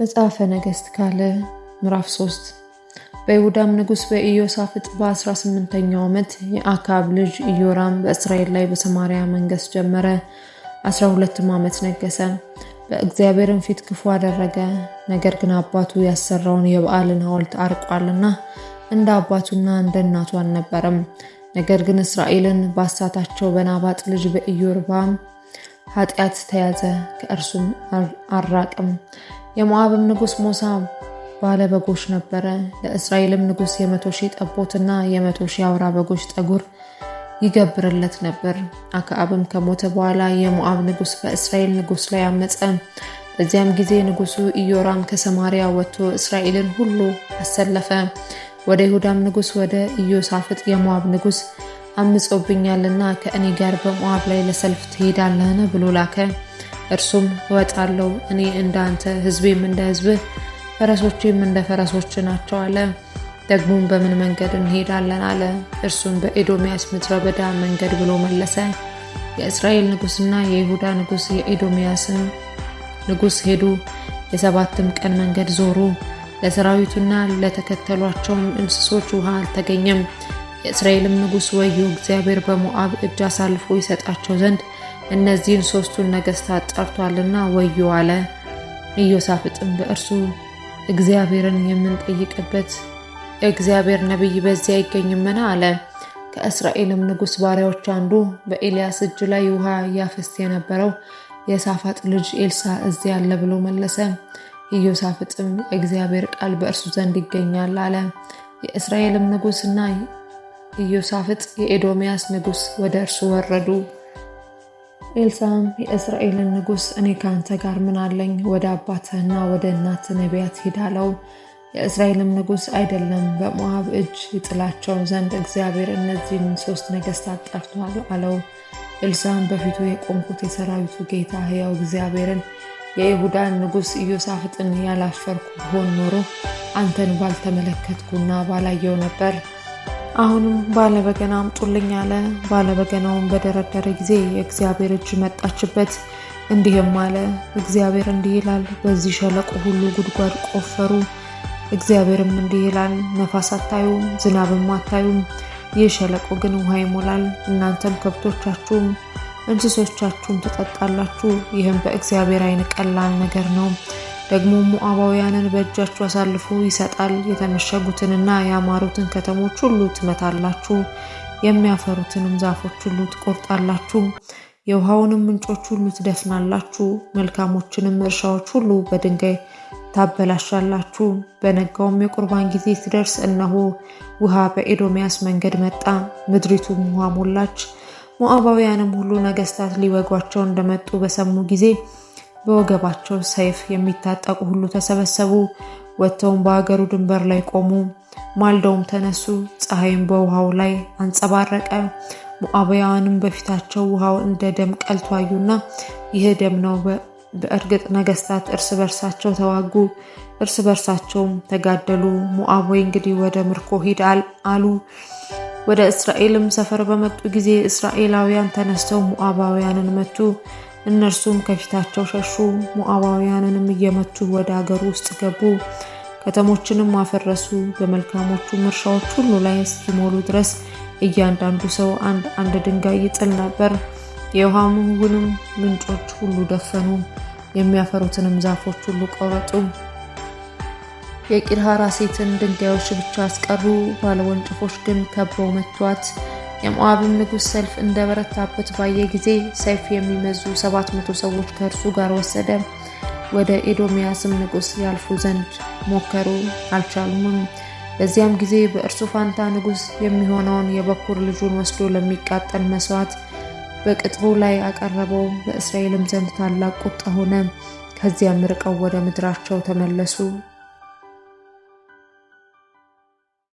መጽሐፈ ነገሥት ካለ ምዕራፍ 3 በይሁዳም ንጉሥ በኢዮሳፍጥ በ18ኛው ዓመት የአካብ ልጅ ኢዮራም በእስራኤል ላይ በሰማርያ መንገስ ጀመረ። 12ም ዓመት ነገሰ። በእግዚአብሔርም ፊት ክፉ አደረገ። ነገር ግን አባቱ ያሰራውን የበዓልን ሐውልት አርቋልና እንደ አባቱና እንደ እናቱ አልነበረም። ነገር ግን እስራኤልን ባሳታቸው በናባጥ ልጅ በኢዮርባም ኃጢአት ተያዘ፣ ከእርሱም አልራቅም። የሞዓብም ንጉሥ ሞሳ ባለ በጎች ነበረ። ለእስራኤልም ንጉሥ የመቶ ሺህ ጠቦትና የመቶ ሺህ አውራ በጎች ጠጉር ይገብርለት ነበር። አክአብም ከሞተ በኋላ የሞዓብ ንጉሥ በእስራኤል ንጉሥ ላይ አመፀ። በዚያም ጊዜ ንጉሱ ኢዮራም ከሰማሪያ ወጥቶ እስራኤልን ሁሉ አሰለፈ። ወደ ይሁዳም ንጉሥ ወደ ኢዮሳፍጥ የሞዓብ ንጉሥ አምጾብኛልና ከእኔ ጋር በሞዓብ ላይ ለሰልፍ ትሄዳለህን ብሎ ላከ። እርሱም እወጣለሁ እኔ እንዳንተ ህዝቤም እንደ ህዝብህ ፈረሶችም እንደ ፈረሶች ናቸው አለ። ደግሞም በምን መንገድ እንሄዳለን አለ። እርሱም በኤዶምያስ ምድረ በዳ መንገድ ብሎ መለሰ። የእስራኤል ንጉሥና የይሁዳ ንጉሥ የኤዶምያስን ንጉሥ ሄዱ። የሰባትም ቀን መንገድ ዞሩ። ለሰራዊቱና ለተከተሏቸውም እንስሶች ውሃ አልተገኘም። የእስራኤልም ንጉሥ ወዮ፣ እግዚአብሔር በሞዓብ እጅ አሳልፎ ይሰጣቸው ዘንድ እነዚህን ሶስቱን ነገስታት ጠርቷልና ወዮ አለ። ኢዮሳፍጥም በእርሱ እግዚአብሔርን የምንጠይቅበት እግዚአብሔር ነቢይ በዚያ ይገኝምን? አለ። ከእስራኤልም ንጉሥ ባሪያዎች አንዱ በኤልያስ እጅ ላይ ውሃ እያፈስ የነበረው የሳፋጥ ልጅ ኤልሳ እዚያ አለ ብሎ መለሰ። ኢዮሳፍጥም የእግዚአብሔር ቃል በእርሱ ዘንድ ይገኛል አለ። የእስራኤልም ንጉሥና ኢዮሳፍጥ የኤዶምያስ ንጉሥ ወደ እርሱ ወረዱ። ኤልሳም የእስራኤልን ንጉሥ እኔ ከአንተ ጋር ምን አለኝ? ወደ አባትህና ወደ እናት ነቢያት ሂዳለው የእስራኤልም ንጉሥ አይደለም በሞዓብ እጅ ይጥላቸው ዘንድ እግዚአብሔር እነዚህን ሶስት ነገሥታት ጠርቷል አለው። ኤልሳም በፊቱ የቆምኩት የሰራዊቱ ጌታ ሕያው እግዚአብሔርን የይሁዳን ንጉሥ ኢዮሳፍጥን ያላፈርኩ ሆን ኖሮ አንተን ባልተመለከትኩና ባላየው ነበር አሁንም ባለበገና አምጡልኝ አለ። ባለበገናውን በደረደረ ጊዜ የእግዚአብሔር እጅ መጣችበት፣ እንዲህም አለ። እግዚአብሔር እንዲህ ይላል፣ በዚህ ሸለቆ ሁሉ ጉድጓድ ቆፈሩ። እግዚአብሔርም እንዲህ ይላል፣ ነፋስ አታዩም፣ ዝናብም አታዩም፣ ይህ ሸለቆ ግን ውሃ ይሞላል። እናንተም ከብቶቻችሁም እንስሶቻችሁም ትጠጣላችሁ። ይህም በእግዚአብሔር ዓይን ቀላል ነገር ነው። ደግሞ ሞዓባውያንን በእጃችሁ አሳልፎ ይሰጣል። የተመሸጉትንና ያማሩትን ከተሞች ሁሉ ትመታላችሁ፣ የሚያፈሩትንም ዛፎች ሁሉ ትቆርጣላችሁ፣ የውሃውንም ምንጮች ሁሉ ትደፍናላችሁ፣ መልካሞችንም እርሻዎች ሁሉ በድንጋይ ታበላሻላችሁ። በነጋውም የቁርባን ጊዜ ሲደርስ እነሆ ውሃ በኤዶምያስ መንገድ መጣ፣ ምድሪቱም ውሃ ሞላች። ሞአባውያንም ሁሉ ነገስታት ሊወጓቸው እንደመጡ በሰሙ ጊዜ በወገባቸው ሰይፍ የሚታጠቁ ሁሉ ተሰበሰቡ። ወጥተውም በሀገሩ ድንበር ላይ ቆሙ። ማልደውም ተነሱ። ፀሐይም በውሃው ላይ አንጸባረቀ። ሞዓባውያንም በፊታቸው ውሃው እንደ ደም ቀልቶ አዩና ይህ ደም ነው። በእርግጥ ነገስታት እርስ በርሳቸው ተዋጉ፣ እርስ በርሳቸውም ተጋደሉ። ሞዓብ ወይ እንግዲህ ወደ ምርኮ ሂድ አሉ። ወደ እስራኤልም ሰፈር በመጡ ጊዜ እስራኤላውያን ተነስተው ሞአባውያንን መቱ። እነርሱም ከፊታቸው ሸሹ፣ ሞዓባውያንንም እየመቱ ወደ አገር ውስጥ ገቡ፣ ከተሞችንም አፈረሱ። በመልካሞቹ እርሻዎች ሁሉ ላይ እስኪሞሉ ድረስ እያንዳንዱ ሰው አንድ አንድ ድንጋይ ይጥል ነበር። የውሃውንም ምንጮች ሁሉ ደፈኑ፣ የሚያፈሩትንም ዛፎች ሁሉ ቆረጡ። ሴትን ድንጋዮች ብቻ አስቀሩ። ባለወንጭፎች ግን ከበው መቷት። የሞአብን ንጉሥ ሰልፍ እንደበረታበት ባየ ጊዜ ሰይፍ የሚመዙ ሰባት መቶ ሰዎች ከእርሱ ጋር ወሰደ። ወደ ኤዶምያስም ንጉሥ ያልፉ ዘንድ ሞከሩ፣ አልቻሉምም። በዚያም ጊዜ በእርሱ ፋንታ ንጉሥ የሚሆነውን የበኩር ልጁን ወስዶ ለሚቃጠል መስዋዕት በቅጥሩ ላይ አቀረበው። በእስራኤልም ዘንድ ታላቅ ቁጣ ሆነ። ከዚያም ርቀው ወደ ምድራቸው ተመለሱ።